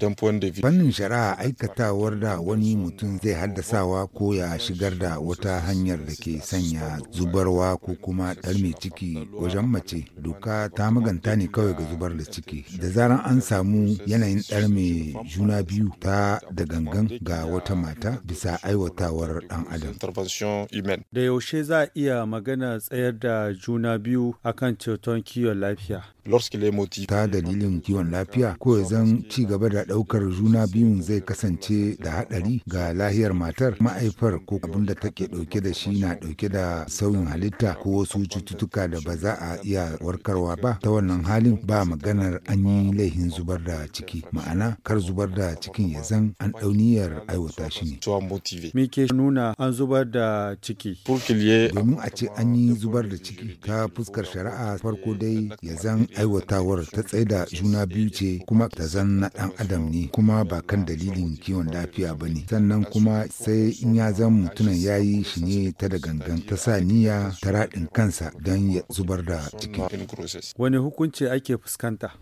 Fannin shari'a aikatawar da wani mutum zai haddasawa ko ya shigar da wata hanyar da ke sanya zubarwa ko kuma ɗar mai ciki wajen mace doka ta maganta ne kawai ga zubar da ciki. Da zaran an samu yanayin ɗar mai juna biyu ta da gangan ga wata mata bisa aiwatawar ɗan adam. Da yaushe za a iya magana tsayar da juna biyu akan ceton kiwon lafiya. ta dalilin kiwon lafiya ko zan ci gaba da ɗaukar juna biyun zai kasance da hadari ga lahiyar matar ma'aifar ko abin da take ɗauke da shi na ɗauke da sauyin halitta ko wasu cututtuka da ba za a iya warkarwa ba ta wannan halin ba maganar an yi laihin zubar da ciki ma'ana kar zubar da cikin ya zan an dauniyar aiwata shi ne nuna an zubar da ciki domin a ce an yi zubar da ciki ta fuskar shari'a farko dai ya zan aiwatawar ta tsaida juna biyu ce kuma ta zan na ɗan adam ne kuma ba kan dalilin kiwon lafiya ba ne sannan kuma sai in ya zan mutunan ya yi shi ne ta da gangan ta sa niyya ta raɗin kansa don ya zubar da ciki. Wani hukunci ake fuskanta?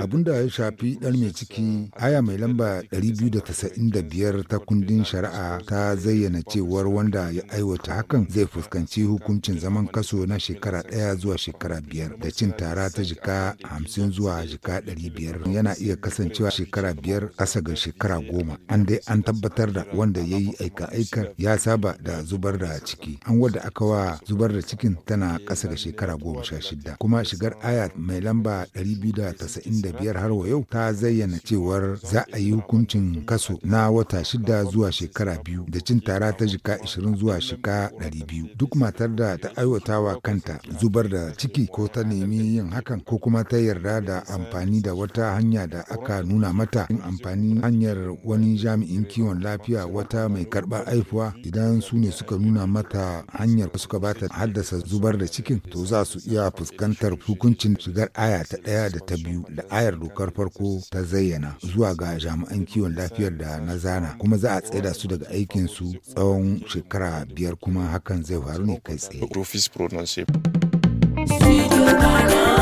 Abin da ya shafi ɗan mai ciki aya mai lamba 295 ta kundin shari'a ta zayyana cewar wanda ya aiwata hakan zai fuskanci hukuncin zaman kaso na shekara ɗaya zuwa shekara biyar da cin tara ta jika hamsin zuwa jika ɗari yana iya kasancewa shekara biyar ƙasa ga shekara goma an dai an tabbatar da wanda ya yi aika aikar ya saba da zubar da ciki an wadda aka wa zubar da cikin tana ƙasa ga shekara goma sha shida kuma shigar aya mai lamba ɗari biyar har wa yau ta zayyana cewar za a yi hukuncin kaso na wata shida zuwa shekara biyu da cin tara ta jika ashirin zuwa shika ɗari duk matar da ta aiwatawa kanta zubar da ciki ko ta nemi yin hakan ko kuma ta yarda da amfani da wata hanya da aka nuna mata in amfani hanyar wani jami'in kiwon lafiya wata mai karbar haifuwa idan su ne suka nuna mata hanyar suka ba ta haddasa zubar da cikin to za su iya fuskantar hukuncin shigar aya ta ɗaya da ta biyu da ayar dokar farko ta zayyana zuwa ga jami'an kiwon lafiyar da na zana kuma za a tsaida su daga aikin su tsawon shekara biyar kuma hakan zai faru ne kai tsaye. Studio Ghana.